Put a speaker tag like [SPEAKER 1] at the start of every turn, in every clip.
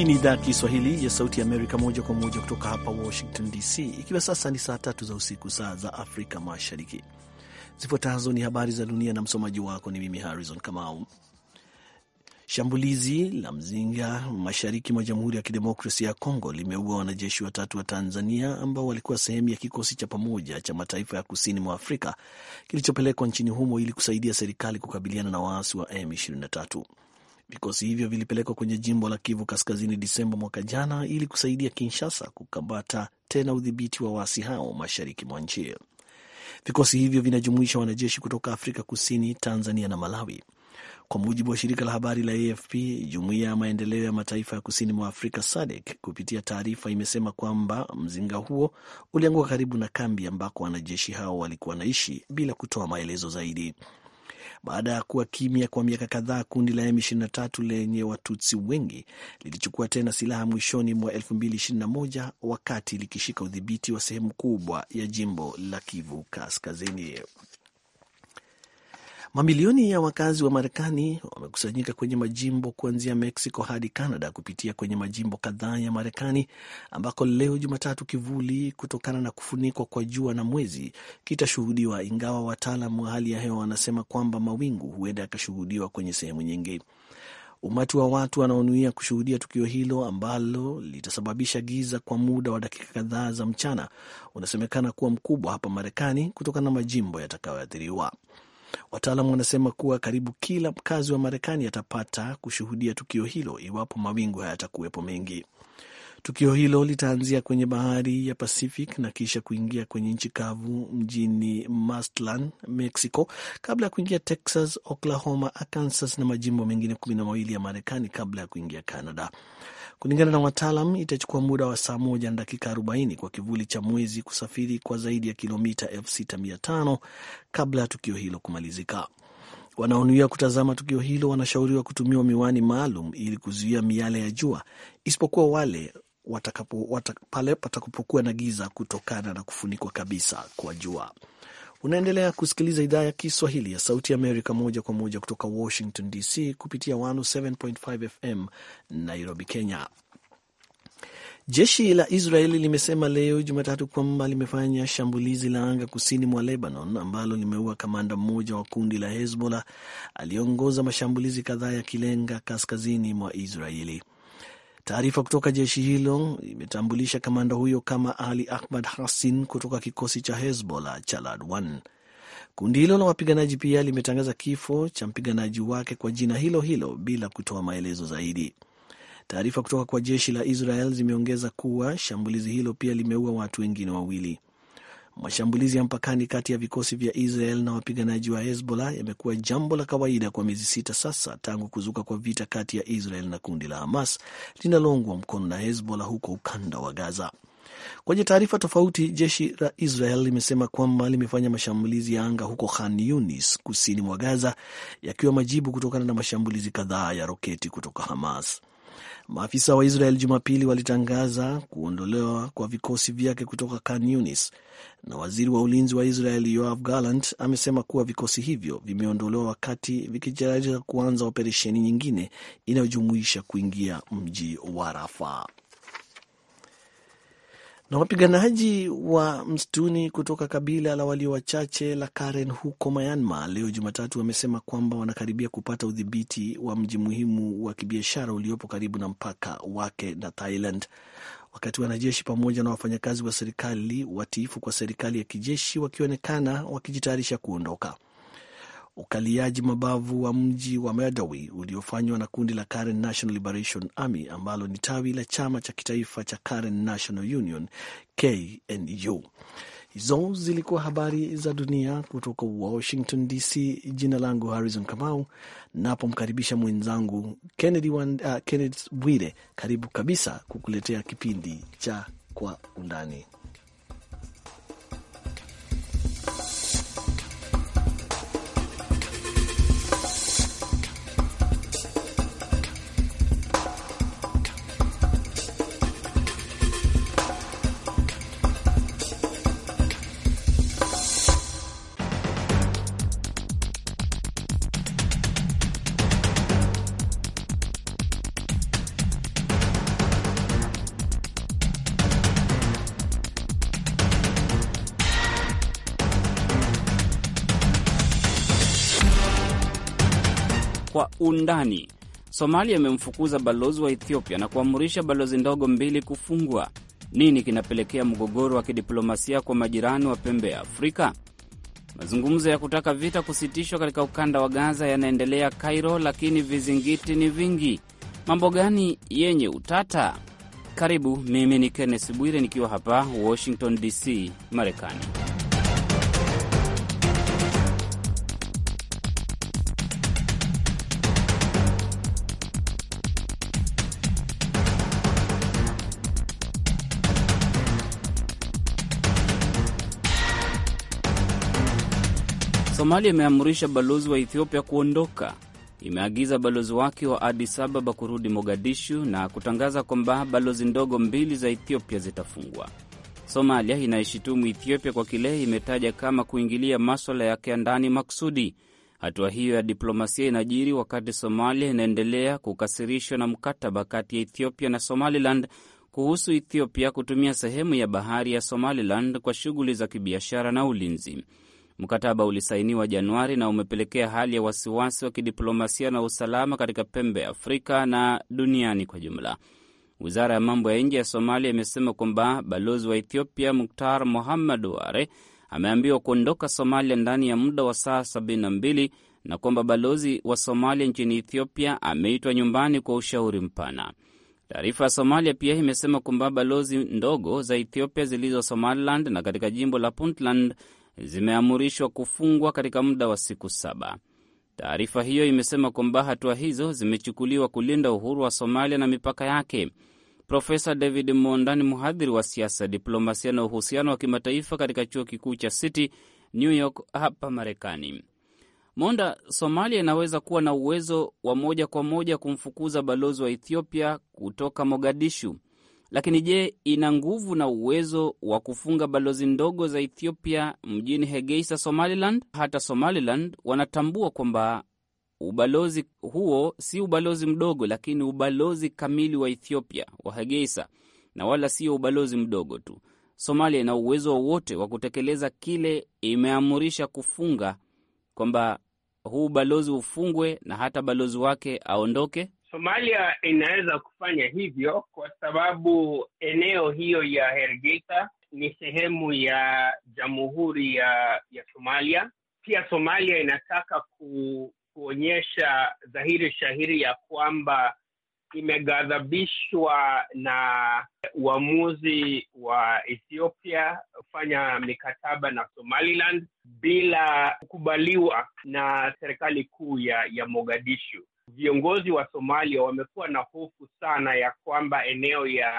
[SPEAKER 1] Hii ni idhaa ya Kiswahili ya Sauti ya Amerika, moja kwa moja kutoka hapa Washington DC, ikiwa sasa ni saa tatu za usiku, saa za Afrika Mashariki. Zifuatazo ni habari za dunia na msomaji wako ni mimi Harrison Kamau. Shambulizi la mzinga mashariki mwa Jamhuri ya Kidemokrasia ya Kongo limeua wanajeshi watatu wa Tanzania ambao walikuwa sehemu ya kikosi cha pamoja cha mataifa ya kusini mwa Afrika kilichopelekwa nchini humo ili kusaidia serikali kukabiliana na waasi wa M23. Vikosi hivyo vilipelekwa kwenye jimbo la Kivu Kaskazini Disemba mwaka jana ili kusaidia Kinshasa kukamata tena udhibiti wa waasi hao mashariki mwa nchi. Vikosi hivyo vinajumuisha wanajeshi kutoka Afrika Kusini, Tanzania na Malawi. Kwa mujibu wa shirika la habari la AFP, jumuiya ya maendeleo ya mataifa ya kusini mwa Afrika SADC kupitia taarifa imesema kwamba mzinga huo ulianguka karibu na kambi ambako wanajeshi hao walikuwa naishi bila kutoa maelezo zaidi. Baada ya kuwa kimya kwa miaka kadhaa, kundi la M23 lenye Watutsi wengi lilichukua tena silaha mwishoni mwa 2021 wakati likishika udhibiti wa sehemu kubwa ya jimbo la Kivu Kaskazini. Mamilioni ya wakazi wa Marekani wamekusanyika kwenye majimbo kuanzia Mexico hadi Canada kupitia kwenye majimbo kadhaa ya Marekani ambako leo Jumatatu kivuli kutokana na kufunikwa kwa jua na mwezi kitashuhudiwa, ingawa wataalam wa hali ya hewa wanasema kwamba mawingu huenda yakashuhudiwa kwenye sehemu nyingi. Umati wa watu wanaonuia kushuhudia tukio hilo ambalo litasababisha giza kwa muda wa dakika kadhaa za mchana unasemekana kuwa mkubwa hapa Marekani kutokana na majimbo yatakayoathiriwa. Wataalam wanasema kuwa karibu kila mkazi wa Marekani atapata kushuhudia tukio hilo iwapo mawingu hayatakuwepo mengi. Tukio hilo litaanzia kwenye bahari ya Pacific na kisha kuingia kwenye nchi kavu mjini mastlan Mexico, kabla ya kuingia Texas, Oklahoma, Arkansas na majimbo mengine kumi na mawili ya Marekani kabla ya kuingia Canada. Kulingana na wataalam, itachukua muda wa saa moja na dakika arobaini kwa kivuli cha mwezi kusafiri kwa zaidi ya kilomita tano kabla ya tukio hilo kumalizika. Wanaonuia kutazama tukio hilo wanashauriwa kutumiwa miwani maalum ili kuzuia miale ya jua, isipokuwa wale watakapo, watak, pale patakapokuwa na giza kutokana na kufunikwa kabisa kwa jua. Unaendelea kusikiliza idhaa ya Kiswahili ya Sauti Amerika moja kwa moja kutoka Washington DC kupitia 107.5 FM Nairobi, Kenya. Jeshi la Israeli limesema leo Jumatatu kwamba limefanya shambulizi la anga kusini mwa Lebanon ambalo limeua kamanda mmoja wa kundi la Hezbollah aliyeongoza mashambulizi kadhaa yakilenga kaskazini mwa Israeli. Taarifa kutoka jeshi hilo imetambulisha kamanda huyo kama Ali Ahmad Hassin kutoka kikosi cha Hezbollah cha Ladwan. Kundi hilo la wapiganaji pia limetangaza kifo cha mpiganaji wake kwa jina hilo hilo bila kutoa maelezo zaidi. Taarifa kutoka kwa jeshi la Israel zimeongeza kuwa shambulizi hilo pia limeua watu wengine wawili. Mashambulizi ya mpakani kati ya vikosi vya Israel na wapiganaji wa Hezbollah yamekuwa jambo la kawaida kwa miezi sita sasa tangu kuzuka kwa vita kati ya Israel na kundi la Hamas linaloungwa mkono na Hezbollah huko ukanda wa Gaza. Kwenye taarifa tofauti, jeshi la Israel limesema kwamba limefanya mashambulizi ya anga huko Khan Yunis, kusini mwa Gaza, yakiwa majibu kutokana na mashambulizi kadhaa ya roketi kutoka Hamas. Maafisa wa Israel Jumapili walitangaza kuondolewa kwa vikosi vyake kutoka Khan Yunis, na waziri wa ulinzi wa Israel Yoav Gallant amesema kuwa vikosi hivyo vimeondolewa wakati vikijaribu kuanza operesheni nyingine inayojumuisha kuingia mji wa Rafa. Na wapiganaji wa msituni kutoka kabila la walio wachache la Karen huko Myanmar leo Jumatatu wamesema kwamba wanakaribia kupata udhibiti wa mji muhimu wa kibiashara uliopo karibu na mpaka wake na Thailand, wakati wanajeshi pamoja na wafanyakazi wa serikali watiifu kwa serikali ya kijeshi wakionekana wakijitayarisha kuondoka ukaliaji mabavu wa mji wa Madawi uliofanywa na kundi la Karen National Liberation Army ambalo ni tawi la chama cha kitaifa cha Karen National Union KNU. Hizo zilikuwa habari za dunia kutoka Washington DC. Jina langu Harrison Kamau, napomkaribisha mwenzangu Kennedy uh, Bwire. karibu kabisa kukuletea kipindi cha Kwa Undani.
[SPEAKER 2] undani. Somalia imemfukuza balozi wa Ethiopia na kuamurisha balozi ndogo mbili kufungwa. Nini kinapelekea mgogoro wa kidiplomasia kwa majirani wa pembe ya Afrika? Mazungumzo ya kutaka vita kusitishwa katika ukanda wa Gaza yanaendelea Kairo, lakini vizingiti ni vingi. Mambo gani yenye utata? Karibu, mimi ni Kenneth Bwire nikiwa hapa Washington DC, Marekani. Somalia imeamrisha balozi wa Ethiopia kuondoka. Imeagiza balozi wake wa Addis Ababa kurudi Mogadishu na kutangaza kwamba balozi ndogo mbili za Ethiopia zitafungwa. Somalia inaishitumu Ethiopia kwa kile imetaja kama kuingilia maswala yake ya ndani maksudi Hatua hiyo ya diplomasia inajiri wakati Somalia inaendelea kukasirishwa na mkataba kati ya Ethiopia na Somaliland kuhusu Ethiopia kutumia sehemu ya bahari ya Somaliland kwa shughuli za kibiashara na ulinzi. Mkataba ulisainiwa Januari na umepelekea hali ya wasiwasi wa kidiplomasia na usalama katika pembe ya Afrika na duniani kwa jumla. Wizara ya mambo ya nje ya Somalia imesema kwamba balozi wa Ethiopia Muktar muhamad ware ameambiwa kuondoka Somalia ndani ya muda wa saa 72 na kwamba balozi wa Somalia nchini Ethiopia ameitwa nyumbani kwa ushauri mpana. Taarifa ya Somalia pia imesema kwamba balozi ndogo za Ethiopia zilizo Somaliland na katika jimbo la Puntland zimeamurishwa kufungwa katika muda wa siku saba. Taarifa hiyo imesema kwamba hatua hizo zimechukuliwa kulinda uhuru wa Somalia na mipaka yake. Profesa David Monda ni mhadhiri wa siasa, diplomasia na uhusiano wa kimataifa katika chuo kikuu cha City New York hapa Marekani. Monda, Somalia inaweza kuwa na uwezo wa moja kwa moja kumfukuza balozi wa Ethiopia kutoka Mogadishu. Lakini je, ina nguvu na uwezo wa kufunga balozi ndogo za Ethiopia mjini Hegeisa, Somaliland? Hata Somaliland wanatambua kwamba ubalozi huo si ubalozi mdogo, lakini ubalozi kamili wa Ethiopia wa Hegeisa, na wala sio ubalozi mdogo tu. Somalia ina uwezo wowote wa kutekeleza kile imeamurisha kufunga, kwamba huu balozi ufungwe na hata balozi wake aondoke?
[SPEAKER 3] Somalia inaweza kufanya hivyo kwa sababu eneo hiyo ya Hergeisa ni sehemu ya jamhuri ya, ya Somalia. Pia Somalia inataka ku, kuonyesha dhahiri shahiri ya kwamba imeghadhabishwa na uamuzi wa Ethiopia kufanya mikataba na Somaliland bila kukubaliwa na serikali kuu ya, ya Mogadishu viongozi wa Somalia wamekuwa na hofu sana ya kwamba eneo ya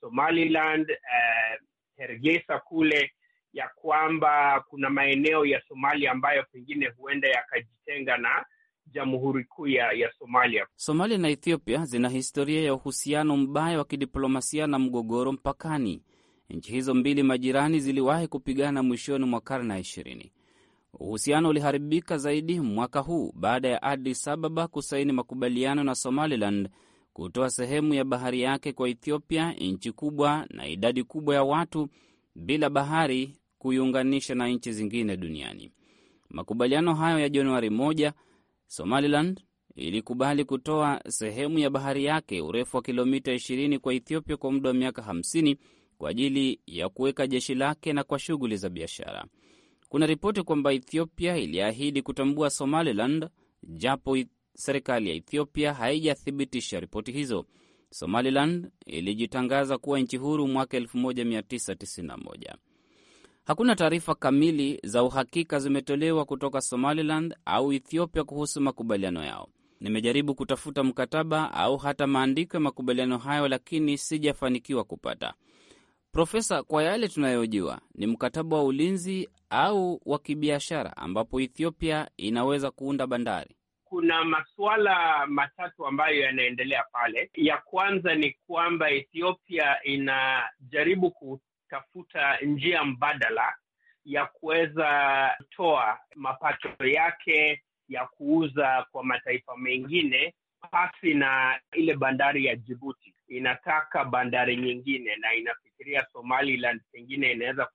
[SPEAKER 3] Somaliland eh, Hergesa kule ya kwamba kuna maeneo ya Somalia ambayo pengine huenda yakajitenga na jamhuri kuu ya, ya Somalia.
[SPEAKER 2] Somalia na Ethiopia zina historia ya uhusiano mbaya wa kidiplomasia na mgogoro mpakani. Nchi hizo mbili majirani ziliwahi kupigana mwishoni mwa karne ya ishirini. Uhusiano uliharibika zaidi mwaka huu baada ya Addis Ababa kusaini makubaliano na Somaliland kutoa sehemu ya bahari yake kwa Ethiopia, nchi kubwa na idadi kubwa ya watu bila bahari, kuiunganisha na nchi zingine duniani. Makubaliano hayo ya Januari 1 Somaliland ilikubali kutoa sehemu ya bahari yake urefu wa kilomita 20 kwa Ethiopia kwa muda wa miaka 50 kwa ajili ya kuweka jeshi lake na kwa shughuli za biashara. Kuna ripoti kwamba Ethiopia iliahidi kutambua Somaliland, japo serikali ya Ethiopia haijathibitisha ripoti hizo. Somaliland ilijitangaza kuwa nchi huru mwaka 1991. Hakuna taarifa kamili za uhakika zimetolewa kutoka Somaliland au Ethiopia kuhusu makubaliano yao. Nimejaribu kutafuta mkataba au hata maandiko ya makubaliano hayo, lakini sijafanikiwa kupata. Profesa, kwa yale tunayojua, ni mkataba wa ulinzi au wa kibiashara ambapo Ethiopia inaweza kuunda bandari?
[SPEAKER 3] Kuna masuala matatu ambayo yanaendelea pale. Ya kwanza ni kwamba Ethiopia inajaribu kutafuta njia mbadala ya kuweza kutoa mapato yake ya kuuza kwa mataifa mengine pasi na ile bandari ya Jibuti inataka bandari nyingine na inafikiria Somaliland pengine inaweza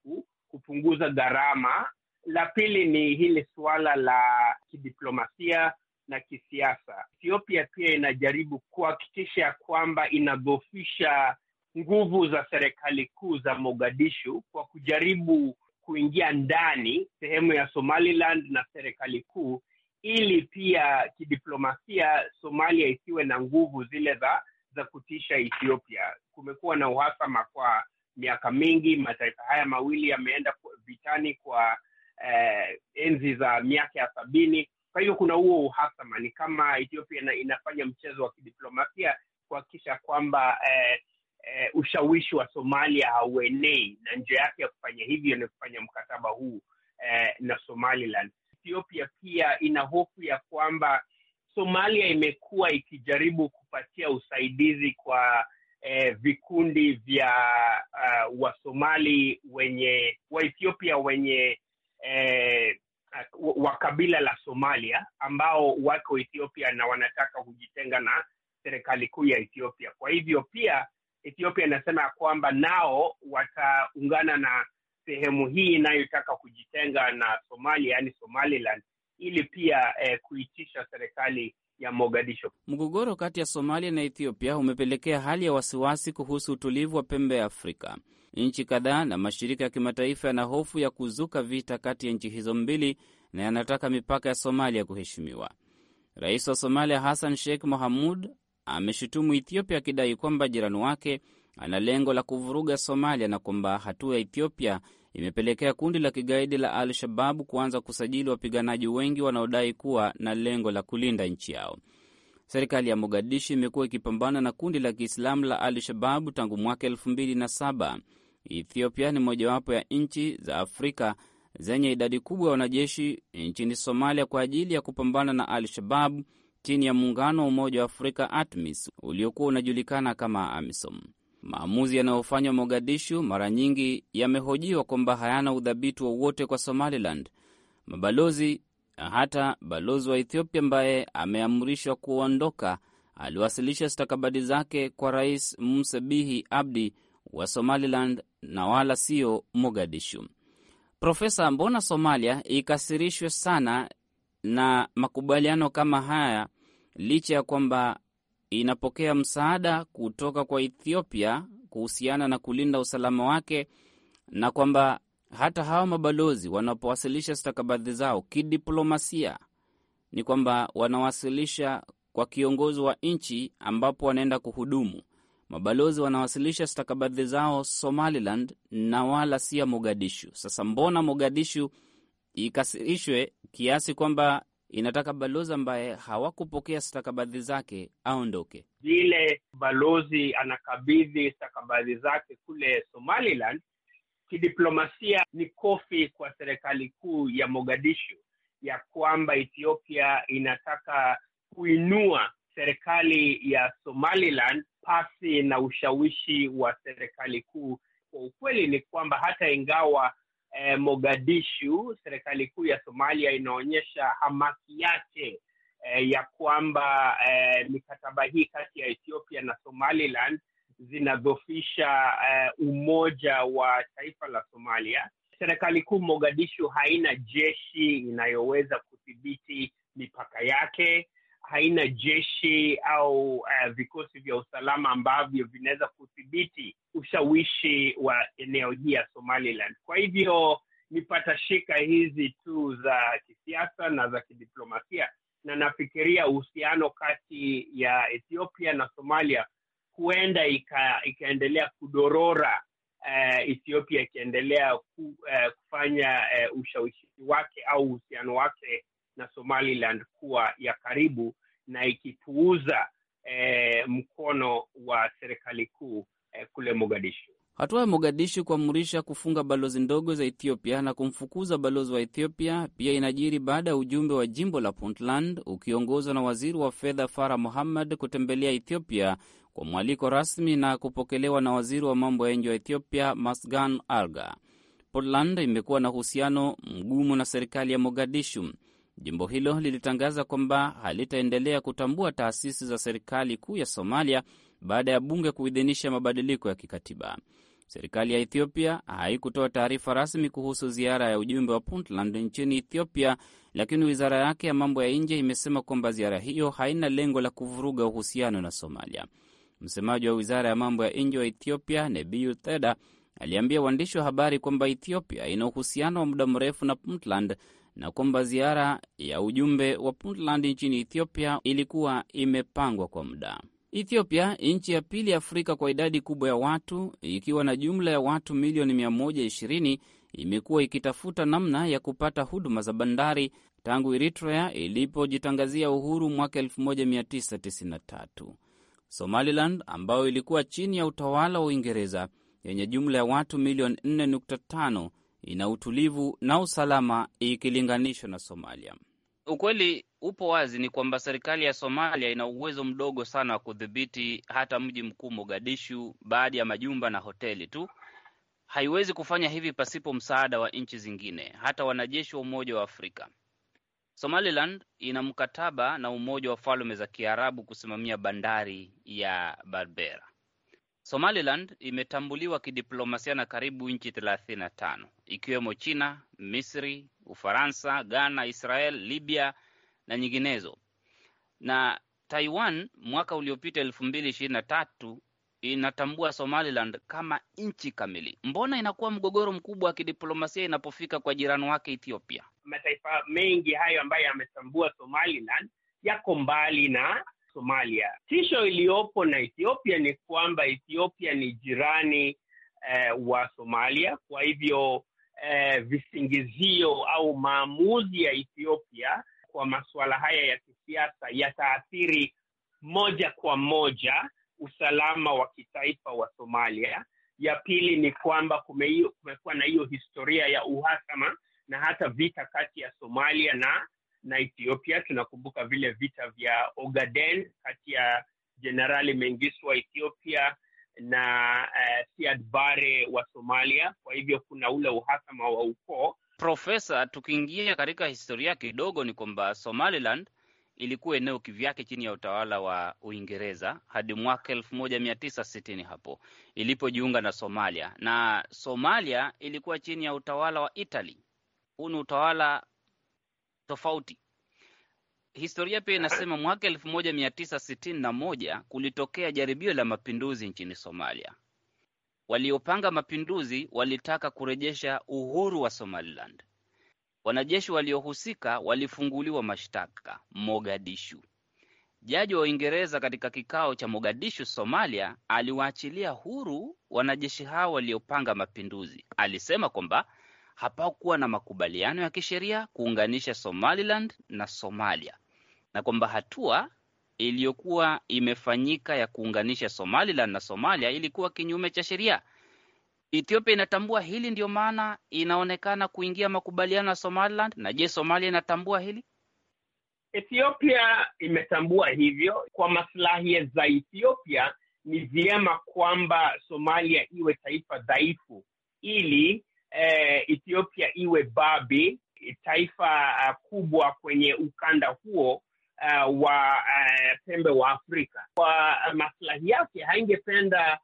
[SPEAKER 3] kupunguza gharama. La pili ni hili suala la kidiplomasia na kisiasa. Ethiopia pia inajaribu kuhakikisha kwamba inadhofisha nguvu za serikali kuu za Mogadishu kwa kujaribu kuingia ndani sehemu ya Somaliland na serikali kuu, ili pia kidiplomasia Somalia isiwe na nguvu zile za za kutisha Ethiopia. Kumekuwa na uhasama kwa miaka mingi, mataifa haya mawili yameenda vitani kwa eh, enzi za miaka ya sabini. Kwa hivyo kuna huo uhasama, ni kama Ethiopia inafanya mchezo wa kidiplomasia kuhakikisha kwamba eh, eh, ushawishi wa Somalia hauenei, na njia yake ya kufanya hivyo ni kufanya mkataba huu eh, na Somaliland. Ethiopia pia ina hofu ya kwamba Somalia imekuwa ikijaribu kupatia usaidizi kwa eh, vikundi vya uh, eh, Wasomali wenye Waethiopia wenye eh, wa kabila la Somalia ambao wako Ethiopia na wanataka kujitenga na serikali kuu ya Ethiopia. Kwa hivyo pia Ethiopia inasema ya kwamba nao wataungana na sehemu hii inayotaka kujitenga na Somalia, yani Somaliland, ili pia eh, kuitisha serikali ya Mogadisho.
[SPEAKER 2] Mgogoro kati ya Somalia na Ethiopia umepelekea hali ya wasiwasi kuhusu utulivu wa pembe ya Afrika. Nchi kadhaa na mashirika ya kimataifa yana hofu ya kuzuka vita kati ya nchi hizo mbili na yanataka mipaka ya Somalia kuheshimiwa. Rais wa Somalia Hassan Sheikh Mohamud ameshutumu Ethiopia akidai kwamba jirani wake ana lengo la kuvuruga Somalia na kwamba hatua ya Ethiopia imepelekea kundi la kigaidi la Al Shababu kuanza kusajili wapiganaji wengi wanaodai kuwa na lengo la kulinda nchi yao. Serikali ya Mogadishu imekuwa ikipambana na kundi la Kiislamu la Al Shababu tangu mwaka elfu mbili na saba. Ethiopia ni mojawapo ya nchi za Afrika zenye idadi kubwa ya wanajeshi nchini Somalia kwa ajili ya kupambana na Al Shababu chini ya muungano wa Umoja wa Afrika ATMIS uliokuwa unajulikana kama AMISOM. Maamuzi yanayofanywa Mogadishu mara nyingi yamehojiwa kwamba hayana udhabiti wowote kwa Somaliland. Mabalozi na hata balozi wa Ethiopia ambaye ameamrishwa kuondoka aliwasilisha stakabadi zake kwa Rais Musabihi Abdi wa Somaliland na wala sio Mogadishu. Profesa, mbona Somalia ikasirishwe sana na makubaliano kama haya licha ya kwamba inapokea msaada kutoka kwa Ethiopia kuhusiana na kulinda usalama wake, na kwamba hata hawa mabalozi wanapowasilisha stakabadhi zao kidiplomasia, ni kwamba wanawasilisha kwa kiongozi wa nchi ambapo wanaenda kuhudumu. Mabalozi wanawasilisha stakabadhi zao Somaliland na wala sia Mogadishu. Sasa mbona Mogadishu ikasirishwe kiasi kwamba inataka balozi ambaye hawakupokea stakabadhi zake aondoke.
[SPEAKER 3] Vile balozi anakabidhi stakabadhi zake kule Somaliland, kidiplomasia ni kofi kwa serikali kuu ya Mogadishu ya kwamba Ethiopia inataka kuinua serikali ya Somaliland pasi na ushawishi wa serikali kuu. Kwa ukweli ni kwamba hata ingawa eh, Mogadishu, serikali kuu ya Somalia inaonyesha hamaki yake eh, ya kwamba eh, mikataba hii kati ya Ethiopia na Somaliland zinadhofisha eh, umoja wa taifa la Somalia. Serikali kuu Mogadishu haina jeshi inayoweza kudhibiti mipaka yake haina jeshi au uh, vikosi vya usalama ambavyo vinaweza kudhibiti ushawishi wa eneo hii ya Somaliland. Kwa hivyo ni patashika hizi tu za kisiasa na za kidiplomasia, na nafikiria uhusiano kati ya Ethiopia na Somalia huenda ika, ikaendelea kudorora uh, Ethiopia ikiendelea ku, uh, kufanya uh, ushawishi wake au uhusiano wake na Somaliland kuwa ya karibu na ikipuuza eh, mkono wa serikali kuu eh, kule Mogadishu.
[SPEAKER 2] Hatua ya Mogadishu kuamrisha kufunga balozi ndogo za Ethiopia na kumfukuza balozi wa Ethiopia pia inajiri baada ya ujumbe wa jimbo la Puntland ukiongozwa na waziri wa fedha Farah Muhammad kutembelea Ethiopia kwa mwaliko rasmi na kupokelewa na waziri wa mambo ya nje wa Ethiopia Masgan Arga. Puntland imekuwa na uhusiano mgumu na serikali ya Mogadishu. Jimbo hilo lilitangaza kwamba halitaendelea kutambua taasisi za serikali kuu ya Somalia baada ya bunge kuidhinisha mabadiliko ya kikatiba. Serikali ya Ethiopia haikutoa taarifa rasmi kuhusu ziara ya ujumbe wa Puntland nchini Ethiopia, lakini wizara yake ya mambo ya nje imesema kwamba ziara hiyo haina lengo la kuvuruga uhusiano na Somalia. Msemaji wa wizara ya mambo ya nje wa Ethiopia, Nebiu Theda, aliambia waandishi wa habari kwamba Ethiopia ina uhusiano wa muda mrefu na Puntland na kwamba ziara ya ujumbe wa Puntland nchini Ethiopia ilikuwa imepangwa kwa muda. Ethiopia, nchi ya pili Afrika kwa idadi kubwa ya watu, ikiwa na jumla ya watu milioni 120, imekuwa ikitafuta namna ya kupata huduma za bandari tangu Eritrea ilipojitangazia uhuru mwaka 1993. Somaliland ambayo ilikuwa chini ya utawala wa Uingereza yenye jumla ya watu milioni 4.5 ina utulivu na usalama ikilinganishwa na Somalia. Ukweli upo wazi, ni kwamba serikali ya Somalia ina uwezo mdogo sana wa kudhibiti hata mji mkuu Mogadishu, baadhi ya majumba na hoteli tu. Haiwezi kufanya hivi pasipo msaada wa nchi zingine, hata wanajeshi wa Umoja wa Afrika. Somaliland ina mkataba na Umoja wa Falme za Kiarabu kusimamia bandari ya Berbera. Somaliland imetambuliwa kidiplomasia na karibu nchi thelathini na tano ikiwemo China, Misri, Ufaransa, Ghana, Israel, Libya na nyinginezo. Na Taiwan mwaka uliopita elfu mbili ishirini na tatu inatambua Somaliland kama nchi kamili. Mbona inakuwa mgogoro mkubwa wa kidiplomasia inapofika kwa jirani wake Ethiopia?
[SPEAKER 3] Mataifa mengi hayo ambayo yametambua Somaliland yako mbali na Somalia. Tisho iliyopo na Ethiopia ni kwamba Ethiopia ni jirani eh, wa Somalia, kwa hivyo eh, visingizio au maamuzi ya Ethiopia kwa masuala haya ya kisiasa yataathiri moja kwa moja usalama wa kitaifa wa Somalia. Ya pili ni kwamba kumekuwa na hiyo historia ya uhasama na hata vita kati ya Somalia na na Ethiopia. Tunakumbuka vile vita vya Ogaden kati ya Jenerali Mengistu wa Ethiopia na uh, Siad Barre wa Somalia. Kwa hivyo kuna ule uhasama wa ukoo.
[SPEAKER 2] Profesa, tukiingia katika historia kidogo, ni kwamba Somaliland ilikuwa eneo kivyake chini ya utawala wa Uingereza hadi mwaka elfu moja mia tisa sitini hapo ilipojiunga na Somalia, na Somalia ilikuwa chini ya utawala wa Italy. Huu ni utawala tofauti. Historia pia inasema mwaka elfu moja mia tisa sitini na moja kulitokea jaribio la mapinduzi nchini Somalia. Waliopanga mapinduzi walitaka kurejesha uhuru wa Somaliland. Wanajeshi waliohusika walifunguliwa mashtaka Mogadishu. Jaji wa Uingereza katika kikao cha Mogadishu, Somalia, aliwaachilia huru wanajeshi hao waliopanga mapinduzi. Alisema kwamba hapakuwa na makubaliano ya kisheria kuunganisha Somaliland na Somalia, na kwamba hatua iliyokuwa imefanyika ya kuunganisha Somaliland na Somalia ilikuwa kinyume cha sheria. Ethiopia inatambua hili, ndio maana inaonekana kuingia makubaliano ya Somaliland. Na je, Somalia inatambua hili?
[SPEAKER 3] Ethiopia imetambua hivyo. Kwa maslahi za Ethiopia, ni vyema kwamba Somalia iwe taifa dhaifu ili eh, Ethiopia iwe babe taifa uh, kubwa kwenye ukanda huo uh, wa uh, pembe wa Afrika. Kwa ah, maslahi yake haingependa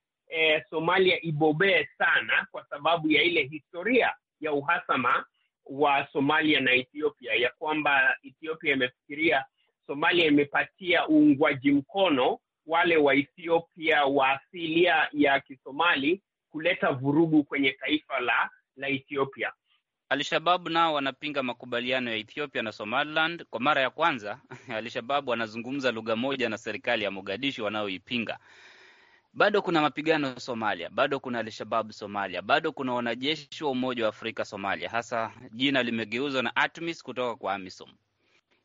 [SPEAKER 3] uh, Somalia ibobee sana, kwa sababu ya ile historia ya uhasama wa Somalia na Ethiopia, ya kwamba Ethiopia imefikiria Somalia imepatia uungwaji mkono wale wa Ethiopia wa asilia ya Kisomali kuleta vurugu kwenye taifa la la Ethiopia.
[SPEAKER 2] Alshababu nao wanapinga makubaliano ya Ethiopia na Somaliland. Kwa mara ya kwanza, alshabab wanazungumza lugha moja na serikali ya Mogadishu wanayoipinga. Bado kuna mapigano Somalia, bado kuna alshabab Somalia, bado kuna wanajeshi wa Umoja wa Afrika Somalia, hasa jina limegeuzwa na ATMIS kutoka kwa AMISOM.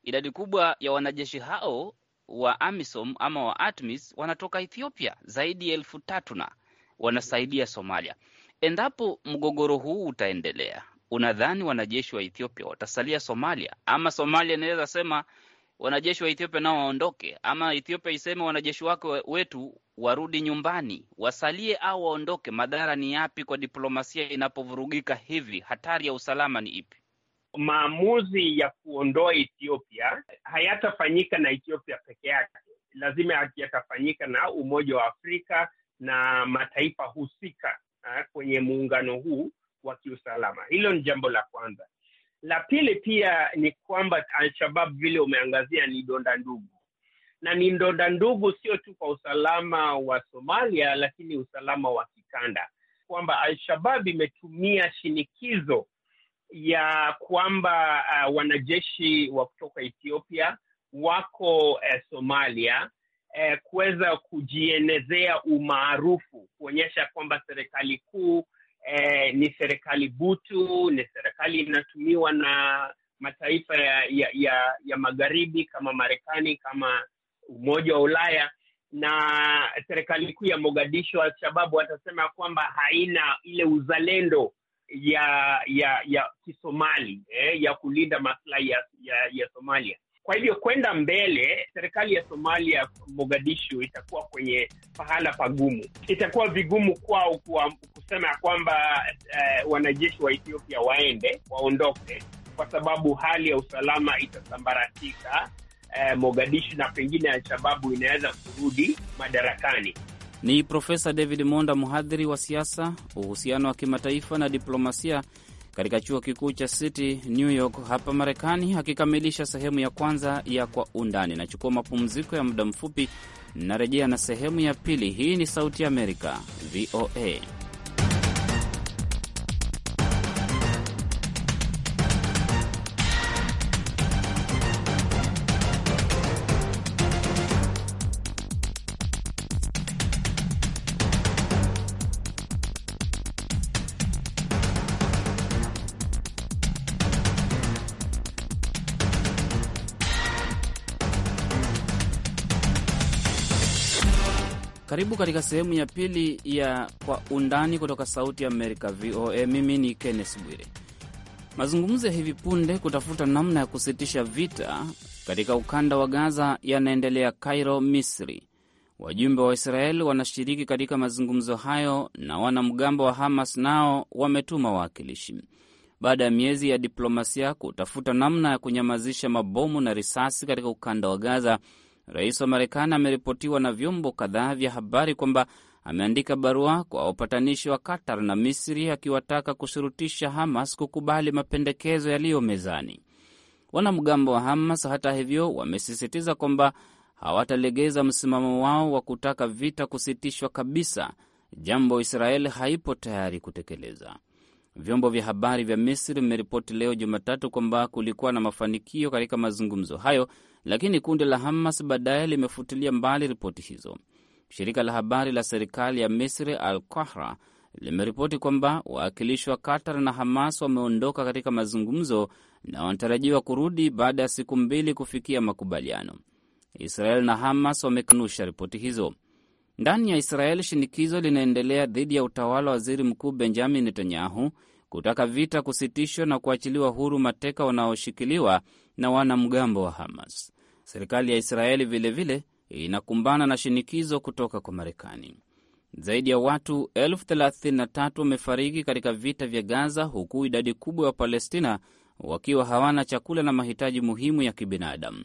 [SPEAKER 2] Idadi kubwa ya wanajeshi hao wa AMISOM ama wa ATMIS wanatoka Ethiopia, zaidi ya elfu tatu na wanasaidia Somalia. Endapo mgogoro huu utaendelea, unadhani wanajeshi wa Ethiopia watasalia Somalia ama Somalia inaweza sema wanajeshi wa Ethiopia nao waondoke, ama Ethiopia iseme wanajeshi wake wetu warudi nyumbani, wasalie au waondoke? Madhara ni yapi kwa diplomasia inapovurugika hivi?
[SPEAKER 3] Hatari ya usalama ni ipi? Maamuzi ya kuondoa Ethiopia hayatafanyika na Ethiopia peke yake, lazima yatafanyika na Umoja wa Afrika na mataifa husika uh, kwenye muungano huu wa kiusalama. Hilo ni jambo la kwanza. La pili pia ni kwamba Al-Shabab vile umeangazia ni donda ndugu, na ni donda ndugu sio tu kwa usalama wa Somalia, lakini usalama wa kikanda, kwamba Al-Shabab imetumia shinikizo ya kwamba uh, wanajeshi wa kutoka Ethiopia wako uh, Somalia eh, kuweza kujienezea umaarufu, kuonyesha kwamba serikali kuu eh, ni serikali butu, ni serikali inatumiwa na mataifa ya, ya, ya, ya magharibi kama Marekani, kama Umoja wa Ulaya na serikali kuu ya Mogadishu. Alshababu watasema kwamba haina ile uzalendo ya ya ya Kisomali eh, ya kulinda maslahi ya, ya, ya Somalia. Kwa hivyo kwenda mbele, serikali ya Somalia Mogadishu itakuwa kwenye pahala pagumu. Itakuwa vigumu kwao kusema ya kwamba eh, wanajeshi wa Ethiopia waende waondoke, kwa sababu hali ya usalama itasambaratika eh, Mogadishu, na pengine Alshababu inaweza kurudi madarakani.
[SPEAKER 2] Ni Profesa David Monda, mhadhiri wa siasa, uhusiano wa kimataifa na diplomasia katika chuo kikuu cha City New York hapa Marekani, akikamilisha sehemu ya kwanza ya Kwa Undani. Nachukua mapumziko ya muda mfupi, narejea na sehemu ya pili. Hii ni Sauti ya Amerika, VOA. Karibu katika sehemu ya pili ya Kwa Undani kutoka Sauti ya Amerika, VOA. Mimi ni Kenneth Bwire. Mazungumzo ya hivi punde kutafuta namna ya kusitisha vita katika ukanda wa Gaza yanaendelea Cairo, Misri. Wajumbe wa israel wanashiriki katika mazungumzo hayo na wanamgambo wa Hamas nao wametuma wawakilishi. Baada ya miezi ya diplomasia kutafuta namna ya kunyamazisha mabomu na risasi katika ukanda wa Gaza, Rais wa Marekani ameripotiwa na vyombo kadhaa vya habari kwamba ameandika barua kwa wapatanishi wa Qatar na Misri akiwataka kushurutisha Hamas kukubali mapendekezo yaliyo mezani. Wanamgambo wa Hamas hata hivyo wamesisitiza kwamba hawatalegeza msimamo wao wa kutaka vita kusitishwa kabisa, jambo Israeli haipo tayari kutekeleza. Vyombo vya habari vya Misri vimeripoti leo Jumatatu kwamba kulikuwa na mafanikio katika mazungumzo hayo lakini kundi la Hamas baadaye limefutilia mbali ripoti hizo. Shirika la habari la serikali ya Misri Al Qahra limeripoti kwamba wawakilishi wa Qatar na Hamas wameondoka katika mazungumzo na wanatarajiwa kurudi baada ya siku mbili kufikia makubaliano. Israel na Hamas wamekanusha ripoti hizo. Ndani ya Israel, shinikizo linaendelea dhidi ya utawala wa waziri mkuu Benjamin Netanyahu kutaka vita kusitishwa na kuachiliwa huru mateka wanaoshikiliwa na wanamgambo wa Hamas. Serikali ya Israeli vilevile vile inakumbana na shinikizo kutoka kwa Marekani. Zaidi ya watu elfu thelathini na tatu wamefariki katika vita vya Gaza, huku idadi kubwa ya Wapalestina wakiwa hawana chakula na mahitaji muhimu ya kibinadamu.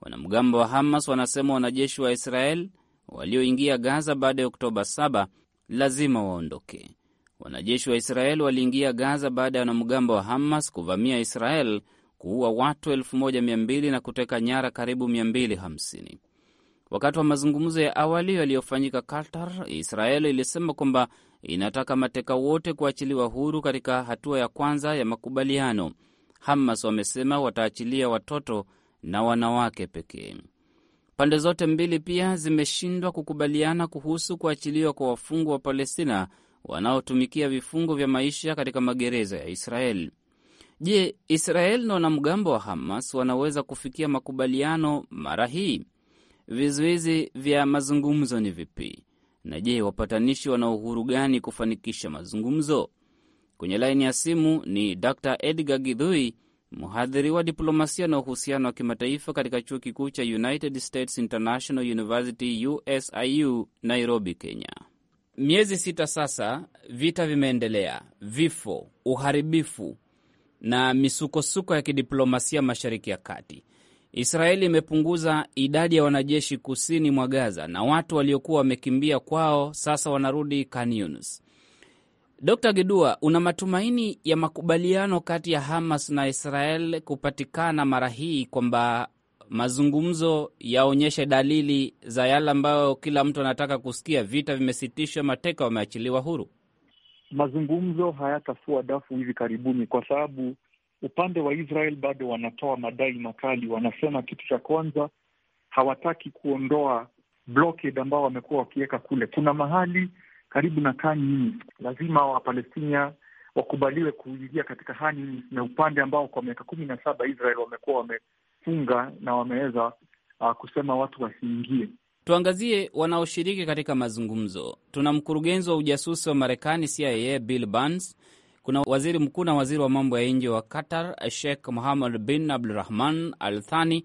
[SPEAKER 2] Wanamgambo wa Hamas wanasema wanajeshi wa Israel walioingia Gaza baada ya Oktoba 7 lazima waondoke. Wanajeshi wa Israel waliingia Gaza baada ya wanamgambo wa Hamas kuvamia Israel kuua watu 1200 na kuteka nyara karibu 250. Wakati wa mazungumzo ya awali yaliyofanyika Qatar, Israel ilisema kwamba inataka mateka wote kuachiliwa huru katika hatua ya kwanza ya makubaliano. Hamas wamesema wataachilia watoto na wanawake pekee. Pande zote mbili pia zimeshindwa kukubaliana kuhusu kuachiliwa kwa wafungwa wa Palestina wanaotumikia vifungo vya maisha katika magereza ya Israel. Je, Israel na wanamgambo wa Hamas wanaweza kufikia makubaliano mara hii? Vizuizi vya mazungumzo ni vipi? Na je, wapatanishi wana uhuru gani kufanikisha mazungumzo? Kwenye laini ya simu ni Dr Edgar Gidhui, mhadhiri wa diplomasia na uhusiano wa kimataifa katika chuo kikuu cha United States International University, USIU, Nairobi, Kenya. Miezi sita sasa, vita vimeendelea, vifo, uharibifu na misukosuko ya kidiplomasia mashariki ya kati. Israeli imepunguza idadi ya wanajeshi kusini mwa Gaza na watu waliokuwa wamekimbia kwao sasa wanarudi Khan d Dkt Gidua, una matumaini ya makubaliano kati ya Hamas na Israel kupatikana mara hii, kwamba mazungumzo yaonyeshe dalili za yale ambayo kila mtu anataka kusikia, vita vimesitishwa, mateka wameachiliwa huru?
[SPEAKER 4] mazungumzo hayatafua dafu hivi karibuni, kwa sababu upande wa Israel bado wanatoa madai makali. Wanasema kitu cha kwanza, hawataki kuondoa blockade ambao wamekuwa wakiweka kule. Kuna mahali karibu na Khan lazima Wapalestina wakubaliwe kuingia katika Khan na upande ambao kwa miaka kumi na saba Israel wamekuwa wamefunga na wameweza uh, kusema watu wasiingie.
[SPEAKER 2] Tuangazie wanaoshiriki katika mazungumzo. Tuna mkurugenzi wa ujasusi wa Marekani CIA Bill Burns, kuna waziri mkuu na waziri wa mambo ya nje wa Qatar Sheikh Mohammed bin abdurahman Al Thani,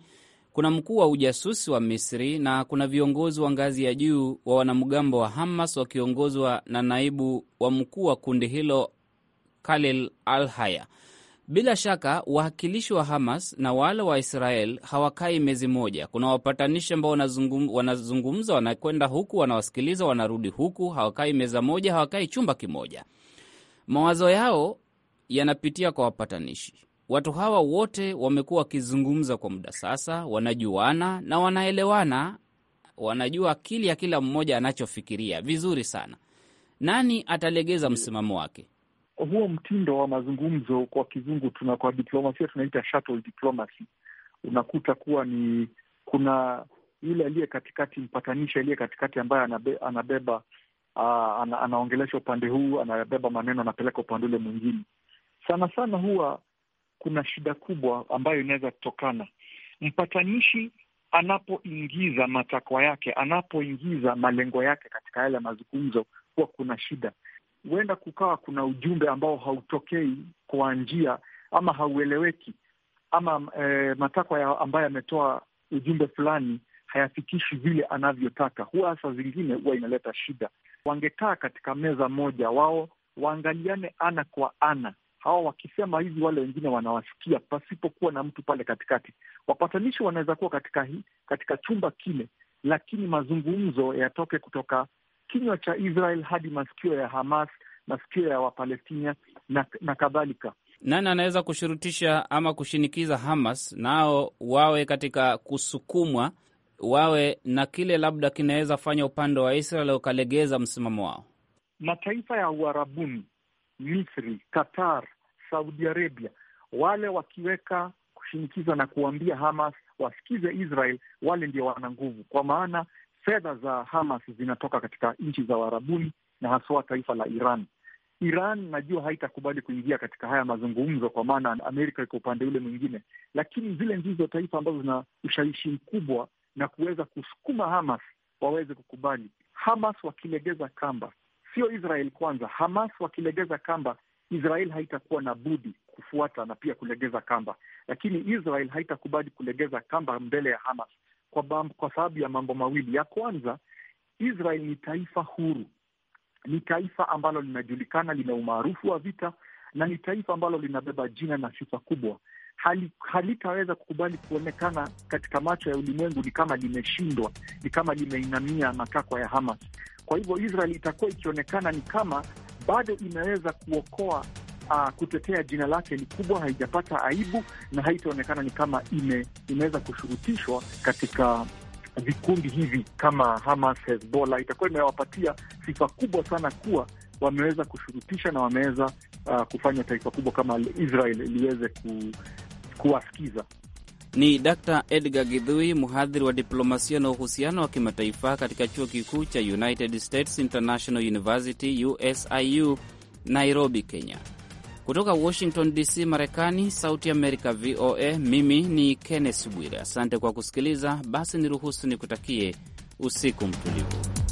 [SPEAKER 2] kuna mkuu wa ujasusi wa Misri na kuna viongozi wa ngazi ya juu wa wanamgambo wa Hamas wakiongozwa na naibu wa mkuu wa kundi hilo Khalil Al Haya. Bila shaka wawakilishi wa Hamas na wale wa Israel hawakai mezi moja. Kuna wapatanishi ambao wanazungum, wanazungumza, wanakwenda huku, wanawasikiliza, wanarudi huku, hawakai meza moja, hawakai chumba kimoja. Mawazo yao yanapitia kwa wapatanishi. Watu hawa wote wamekuwa wakizungumza kwa muda sasa, wanajuana na wanaelewana, wanajua akili ya kila mmoja anachofikiria vizuri sana. Nani atalegeza msimamo wake?
[SPEAKER 4] huo mtindo wa mazungumzo kwa kizungu tuna kwa diplomasia tunaita shuttle diplomacy, unakuta kuwa ni kuna yule aliye katikati, mpatanishi aliye katikati ambaye anabe, anabeba ana, anaongelesha upande huu, anabeba maneno anapeleka upande ule mwingine. Sana sana huwa kuna shida kubwa ambayo inaweza kutokana mpatanishi anapoingiza matakwa yake, anapoingiza malengo yake katika yale mazungumzo, huwa kuna shida huenda kukawa kuna ujumbe ambao hautokei kwa njia ama haueleweki ama e, matakwa ya ambayo yametoa ujumbe fulani hayafikishi vile anavyotaka. Huwa hasa zingine huwa inaleta shida. Wangekaa katika meza moja, wao waangaliane ana kwa ana. Hawa wakisema hivi, wale wengine wanawasikia pasipokuwa na mtu pale katikati. Wapatanishi wanaweza kuwa katika, katika chumba kile, lakini mazungumzo yatoke kutoka kinywa cha Israel hadi masikio ya Hamas, masikio ya Wapalestina na, na kadhalika.
[SPEAKER 2] Nani anaweza kushurutisha ama kushinikiza Hamas nao wawe katika kusukumwa wawe na kile labda kinaweza fanya upande wa Israel ukalegeza msimamo wao?
[SPEAKER 4] Mataifa ya Uarabuni, Misri, Qatar, Saudi Arabia, wale wakiweka kushinikiza na kuambia Hamas wasikize Israel, wale ndio wana nguvu, kwa maana fedha za Hamas zinatoka katika nchi za Uarabuni na haswa taifa la Iran. Iran najua haitakubali kuingia katika haya mazungumzo, kwa maana Amerika iko upande ule mwingine, lakini zile ndizo taifa ambazo zina ushawishi mkubwa na kuweza kusukuma Hamas waweze kukubali. Hamas wakilegeza kamba, sio Israel kwanza. Hamas wakilegeza kamba, Israel haitakuwa na budi kufuata na pia kulegeza kamba, lakini Israel haitakubali kulegeza kamba mbele ya Hamas kwa, kwa sababu ya mambo mawili. Ya kwanza, Israel ni taifa huru, ni taifa ambalo linajulikana, lina umaarufu wa vita na ni taifa ambalo linabeba jina na sifa kubwa. Hali, halitaweza kukubali kuonekana katika macho ya ulimwengu ni kama limeshindwa, ni kama limeinamia matakwa ya Hamas. Kwa hivyo Israel itakuwa ikionekana ni kama bado imeweza kuokoa uh, kutetea jina lake ni kubwa, haijapata aibu na haitaonekana ni kama ime, imeweza kushurutishwa katika vikundi hivi kama Hamas, Hezbollah. Itakuwa imewapatia sifa kubwa sana kuwa wameweza kushurutisha na wameweza uh, kufanya taifa kubwa kama Israel liweze ku, kuwasikiza.
[SPEAKER 2] Ni Dr Edgar Gidhui, mhadhiri wa diplomasia na uhusiano wa kimataifa katika chuo kikuu cha United States International University, USIU, Nairobi, Kenya. Kutoka Washington DC, Marekani, Sauti Amerika, VOA. Mimi ni Kenneth Bwire, asante kwa kusikiliza. Basi niruhusu nikutakie usiku mtulivu.